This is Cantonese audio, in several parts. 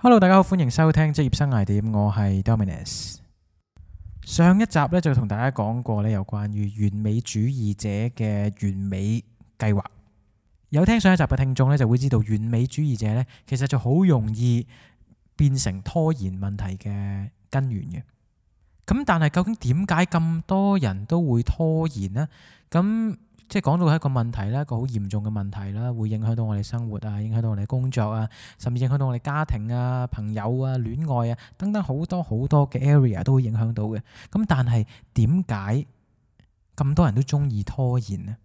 Hello，大家好，歡迎收聽《職業生涯點》，我係 Dominus。上一集咧就同大家講過咧，有關於完美主義者嘅完美計劃。有聽上一集嘅聽眾咧，就會知道完美主義者咧，其實就好容易變成拖延問題嘅根源嘅。咁但係究竟點解咁多人都會拖延呢？咁即係講到一個問題啦，一個好嚴重嘅問題啦，會影響到我哋生活啊，影響到我哋工作啊，甚至影響到我哋家庭啊、朋友啊、戀愛啊等等好多好多嘅 area 都會影響到嘅。咁但係點解咁多人都中意拖延呢？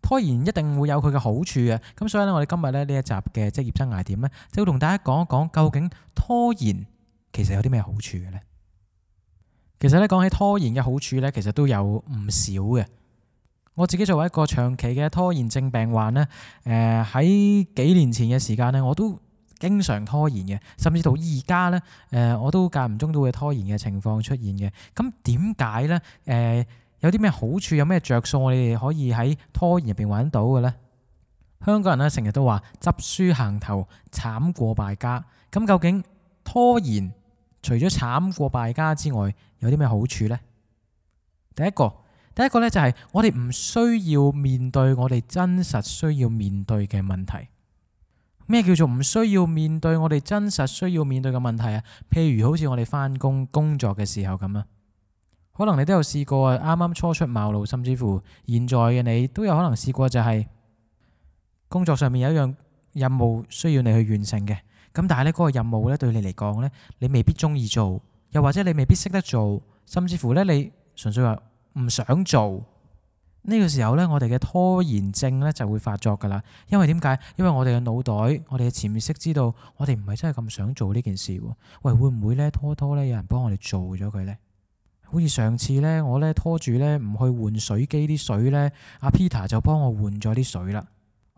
拖延一定會有佢嘅好處嘅，咁所以呢，我哋今日呢呢一集嘅職業生涯點呢，就會同大家講一講究竟拖延其實有啲咩好處嘅呢？其實呢講起拖延嘅好處呢，其實都有唔少嘅。我自己作為一個長期嘅拖延症病患咧，誒、呃、喺幾年前嘅時間咧，我都經常拖延嘅，甚至到而家咧，誒、呃、我都間唔中都會拖延嘅情況出現嘅。咁點解呢？誒、呃、有啲咩好處，有咩着數，我哋可以喺拖延入邊揾到嘅呢？香港人咧，成日都話執輸行頭，慘過敗家。咁究竟拖延除咗慘過敗家之外，有啲咩好處呢？第一個。第一個呢，就係我哋唔需要面對我哋真實需要面對嘅問題。咩叫做唔需要面對我哋真實需要面對嘅問題啊？譬如好似我哋翻工工作嘅時候咁啊，可能你都有試過啊。啱啱初出茅廬，甚至乎現在嘅你都有可能試過就係工作上面有一樣任務需要你去完成嘅。咁但係呢，嗰個任務呢，對你嚟講呢，你未必中意做，又或者你未必識得做，甚至乎呢，你純粹話，唔想做，呢個時候呢，我哋嘅拖延症呢就會發作噶啦。因為點解？因為我哋嘅腦袋，我哋嘅潛意識知道，我哋唔係真係咁想做呢件事喎。喂，會唔會呢？拖拖呢，有人幫我哋做咗佢呢？好似上次呢，我呢拖住呢，唔去換水機啲水呢，阿 Peter 就幫我換咗啲水啦。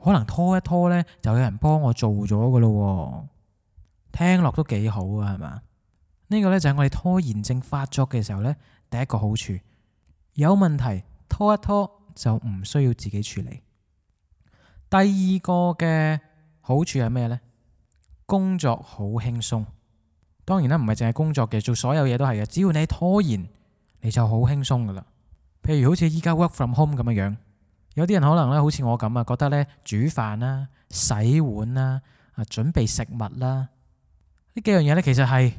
可能拖一拖呢，就有人幫我做咗噶咯。聽落都幾好啊，係嘛？呢個呢，就係我哋拖延症發作嘅時候呢，第一個好處。有問題拖一拖就唔需要自己處理。第二個嘅好處係咩呢？工作好輕鬆。當然啦，唔係淨係工作嘅，做所有嘢都係嘅。只要你拖延，你就好輕鬆噶啦。譬如好似依家 work from home 咁嘅樣，有啲人可能咧，好似我咁啊，覺得呢煮飯啦、啊、洗碗啦、啊、啊準備食物啦、啊，呢幾樣嘢呢，其實係。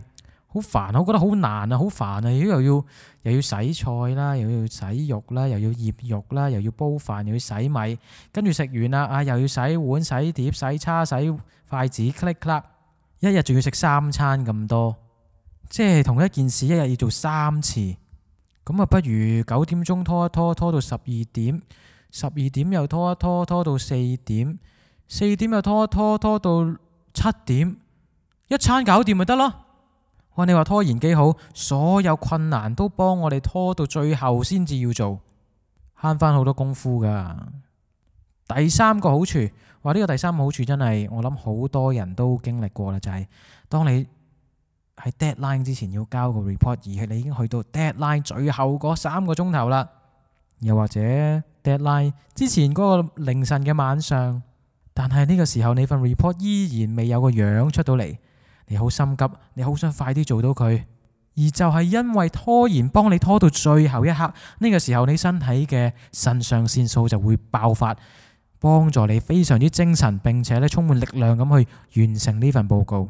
好煩啊，我覺得好難啊！好煩啊！要又要又要洗菜啦，又要洗肉啦，又要醃肉啦，又要煲飯，又要洗米，跟住食完啦啊，又要洗碗、洗碟、洗叉、洗筷子，click clap 一日仲要食三餐咁多，即係同一件事一日要做三次，咁啊，不如九點鐘拖一拖拖到十二點，十二點又拖一拖拖到四點，四點又拖一拖拖到七點，一餐搞掂咪得咯。哇，你話拖延幾好，所有困難都幫我哋拖到最後先至要做，慳翻好多功夫噶。第三個好處，話呢個第三個好處真係我諗好多人都經歷過啦，就係當你喺 deadline 之前要交個 report，而係你已經去到 deadline 最後嗰三個鐘頭啦，又或者 deadline 之前嗰個凌晨嘅晚上，但係呢個時候你份 report 依然未有個樣出到嚟。你好心急，你好想快啲做到佢，而就係因為拖延，幫你拖到最後一刻，呢個時候你身體嘅腎上腺素就會爆發，幫助你非常之精神，並且咧充滿力量咁去完成呢份報告。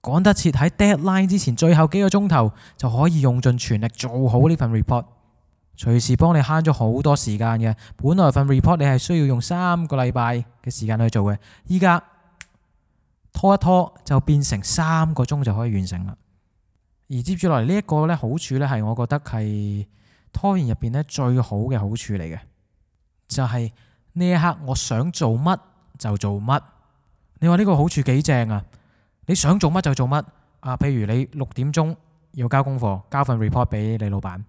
趕得切喺 deadline 之前最後幾個鐘頭就可以用盡全力做好呢份 report，隨時幫你慳咗好多時間嘅。本來份 report 你係需要用三個禮拜嘅時間去做嘅，依家。拖一拖就變成三個鐘就可以完成啦。而接住落嚟呢一個呢好處呢係我覺得係拖延入邊呢最好嘅好處嚟嘅，就係呢一刻我想做乜就做乜。你話呢個好處幾正啊？你想做乜就做乜。啊，啊，譬如你六點鐘要交功課，交份 report 俾你老闆。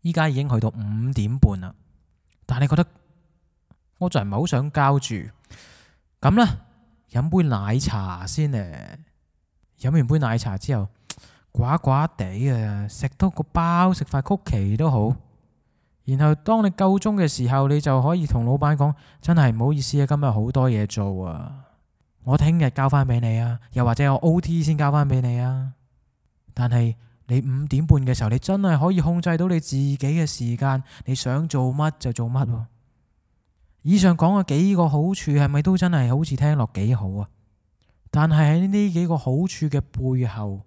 依家已經去到五點半啦，但係你覺得我就係唔係好想交住咁呢？飲杯奶茶先呢，飲完杯奶茶之後，寡寡地啊，食多個包，食塊曲奇都好。然後當你夠鐘嘅時候，你就可以同老闆講：真係唔好意思啊，今日好多嘢做啊，我聽日交翻俾你啊，又或者我 OT 先交翻俾你啊。但係你五點半嘅時候，你真係可以控制到你自己嘅時間，你想做乜就做乜喎啊。以上講嘅幾個好處係咪都真係好似聽落幾好啊？但係喺呢幾個好處嘅背後，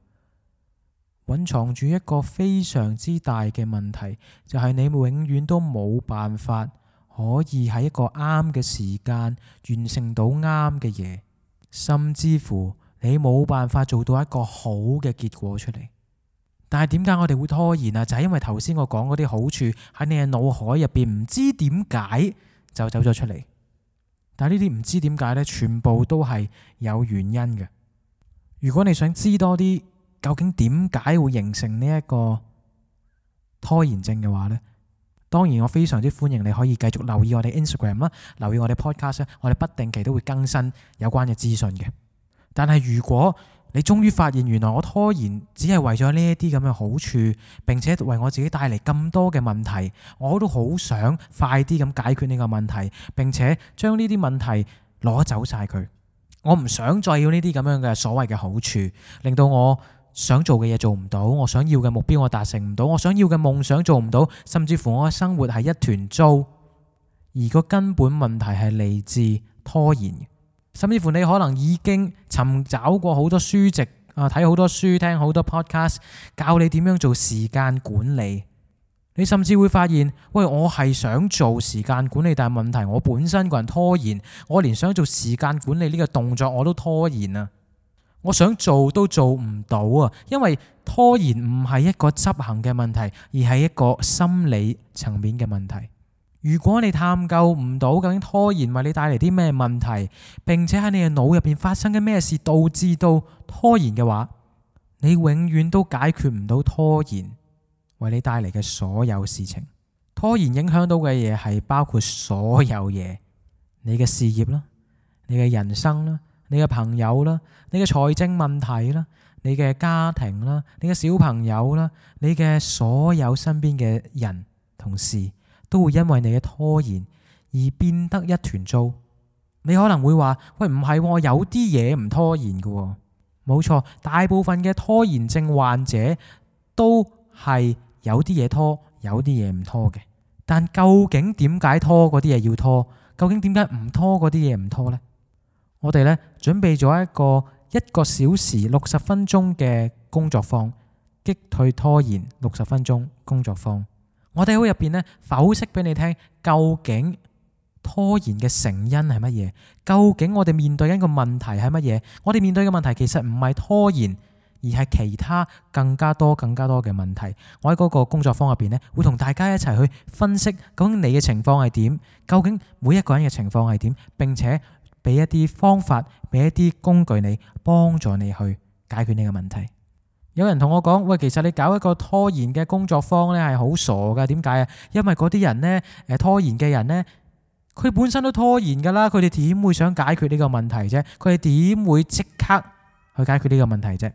蘊藏住一個非常之大嘅問題，就係你永遠都冇辦法可以喺一個啱嘅時間完成到啱嘅嘢，甚至乎你冇辦法做到一個好嘅結果出嚟。但係點解我哋會拖延啊？就係因為頭先我講嗰啲好處喺你嘅腦海入邊，唔知點解，就走咗出嚟，但係呢啲唔知點解呢，全部都係有原因嘅。如果你想知多啲究竟點解會形成呢一個拖延症嘅話呢，當然我非常之歡迎你可以繼續留意我哋 Instagram 啦，留意我哋 Podcast 咧，我哋不定期都會更新有關嘅資訊嘅。但係如果你終於發現，原來我拖延只係為咗呢一啲咁嘅好處，並且為我自己帶嚟咁多嘅問題。我都好想快啲咁解決呢個問題，並且將呢啲問題攞走晒佢。我唔想再要呢啲咁樣嘅所謂嘅好處，令到我想做嘅嘢做唔到，我想要嘅目標我達成唔到，我想要嘅夢想做唔到，甚至乎我嘅生活係一團糟。而個根本問題係嚟自拖延。甚至乎你可能已經尋找過好多書籍啊，睇好多書，聽好多 podcast，教你點樣做時間管理。你甚至會發現，喂，我係想做時間管理，但係問題我本身個人拖延，我連想做時間管理呢個動作我都拖延啊！我想做都做唔到啊，因為拖延唔係一個執行嘅問題，而係一個心理層面嘅問題。如果你探究唔到究竟拖延為你帶嚟啲咩問題，並且喺你嘅腦入邊發生緊咩事導致到拖延嘅話，你永遠都解決唔到拖延為你帶嚟嘅所有事情。拖延影響到嘅嘢係包括所有嘢，你嘅事業啦，你嘅人生啦，你嘅朋友啦，你嘅財政問題啦，你嘅家庭啦，你嘅小朋友啦，你嘅所有身邊嘅人同事，都會因為你嘅拖延而變得一團糟。你可能會話：喂，唔係喎，我有啲嘢唔拖延嘅喎。冇錯，大部分嘅拖延症患者都係有啲嘢拖，有啲嘢唔拖嘅。但究竟點解拖嗰啲嘢要拖？究竟點解唔拖嗰啲嘢唔拖呢？我哋呢，準備咗一個一個小時六十分鐘嘅工作坊，擊退拖延六十分鐘工作坊。我哋會喺入邊咧剖析俾你聽，究竟拖延嘅成因係乜嘢？究竟我哋面對緊個問題係乜嘢？我哋面對嘅問題其實唔係拖延，而係其他更加多、更加多嘅問題。我喺嗰個工作坊入邊咧，會同大家一齊去分析究竟你嘅情況係點？究竟每一個人嘅情況係點？並且俾一啲方法，俾一啲工具你，幫助你去解決你嘅問題。有人同我講，喂，其實你搞一個拖延嘅工作坊咧，係好傻噶。點解啊？因為嗰啲人咧，誒，拖延嘅人咧，佢本身都拖延噶啦，佢哋點會想解決呢個問題啫？佢哋點會即刻去解決呢個問題啫？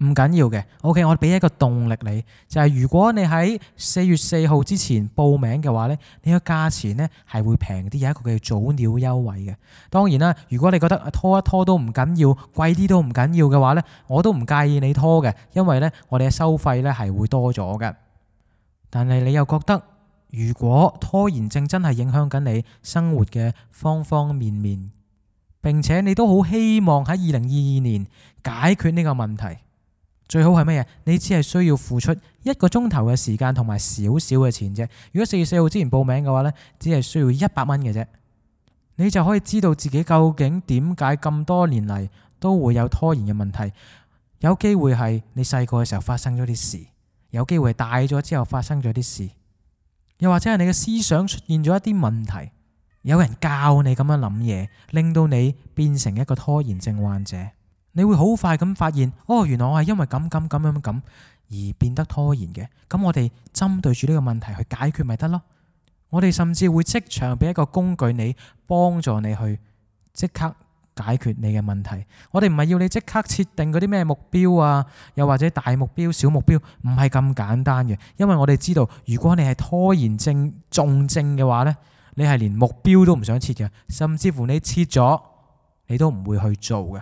唔緊要嘅，OK，我俾一個動力你，就係如果你喺四月四號之前報名嘅話呢，呢個價錢呢係會平啲，有一個叫早鳥優惠嘅。當然啦，如果你覺得拖一拖都唔緊要，貴啲都唔緊要嘅話呢，我都唔介意你拖嘅，因為呢我哋嘅收費呢係會多咗嘅。但係你又覺得如果拖延症真係影響緊你生活嘅方方面面，並且你都好希望喺二零二二年解決呢個問題。最好係咩嘢？你只係需要付出一個鐘頭嘅時間同埋少少嘅錢啫。如果四月四號之前報名嘅話呢，只係需要一百蚊嘅啫，你就可以知道自己究竟點解咁多年嚟都會有拖延嘅問題。有機會係你細個嘅時候發生咗啲事，有機會係大咗之後發生咗啲事，又或者係你嘅思想出現咗一啲問題，有人教你咁樣諗嘢，令到你變成一個拖延症患者。你會好快咁發現哦，原來我係因為咁、咁、咁樣、咁而變得拖延嘅。咁我哋針對住呢個問題去解決咪得咯？我哋甚至會即場俾一個工具你，幫助你去即刻解決你嘅問題。我哋唔係要你即刻設定嗰啲咩目標啊，又或者大目標、小目標，唔係咁簡單嘅。因為我哋知道，如果你係拖延症重症嘅話呢，你係連目標都唔想設嘅，甚至乎你設咗你都唔會去做嘅。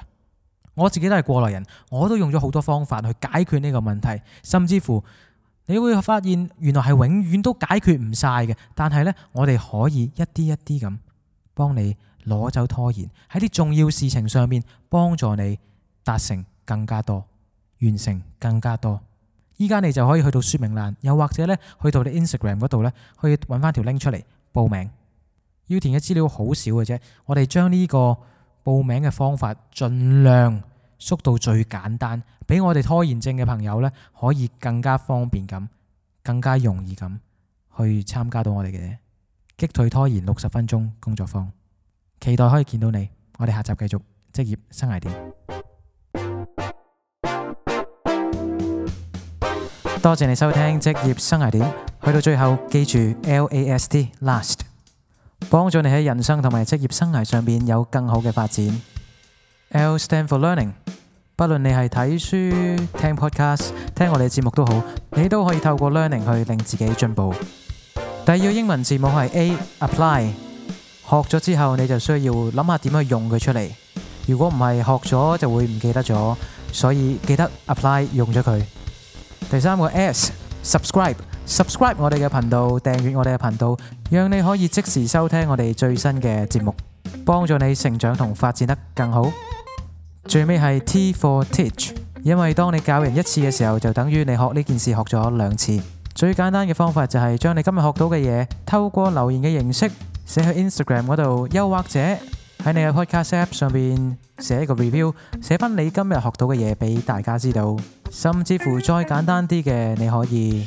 我自己都係過來人，我都用咗好多方法去解決呢個問題，甚至乎你會發現原來係永遠都解決唔晒嘅。但係呢，我哋可以一啲一啲咁幫你攞走拖延，喺啲重要事情上面幫助你達成更加多、完成更加多。依家你就可以去到說明欄，又或者呢去到你 Instagram 嗰度呢，去揾翻條 link 出嚟報名。要填嘅資料好少嘅啫，我哋將呢、這個。報名嘅方法盡量縮到最簡單，俾我哋拖延症嘅朋友呢，可以更加方便咁、更加容易咁去參加到我哋嘅擊退拖延六十分鐘工作坊。期待可以見到你，我哋下集繼續職業生涯點。多謝你收聽職業生涯點，去到最後記住 L A S T last。幫助你喺人生同埋職業生涯上面有更好嘅發展。L stand for learning，不論你係睇書、聽 podcast、聽我哋嘅節目都好，你都可以透過 learning 去令自己進步。第二英文字母係 A，apply。學咗之後你就需要諗下點去用佢出嚟。如果唔係學咗就會唔記得咗，所以記得 apply 用咗佢。第三個 S，subscribe。subscribe 我哋嘅頻道，訂閱我哋嘅頻道，讓你可以即時收聽我哋最新嘅節目，幫助你成長同發展得更好。最尾係 T for Teach，因為當你教人一次嘅時候，就等於你學呢件事學咗兩次。最簡單嘅方法就係將你今日學到嘅嘢，透過留言嘅形式寫去 Instagram 嗰度，又或者喺你嘅 Podcast App 上面寫一個 review，寫翻你今日學到嘅嘢俾大家知道。甚至乎再簡單啲嘅，你可以。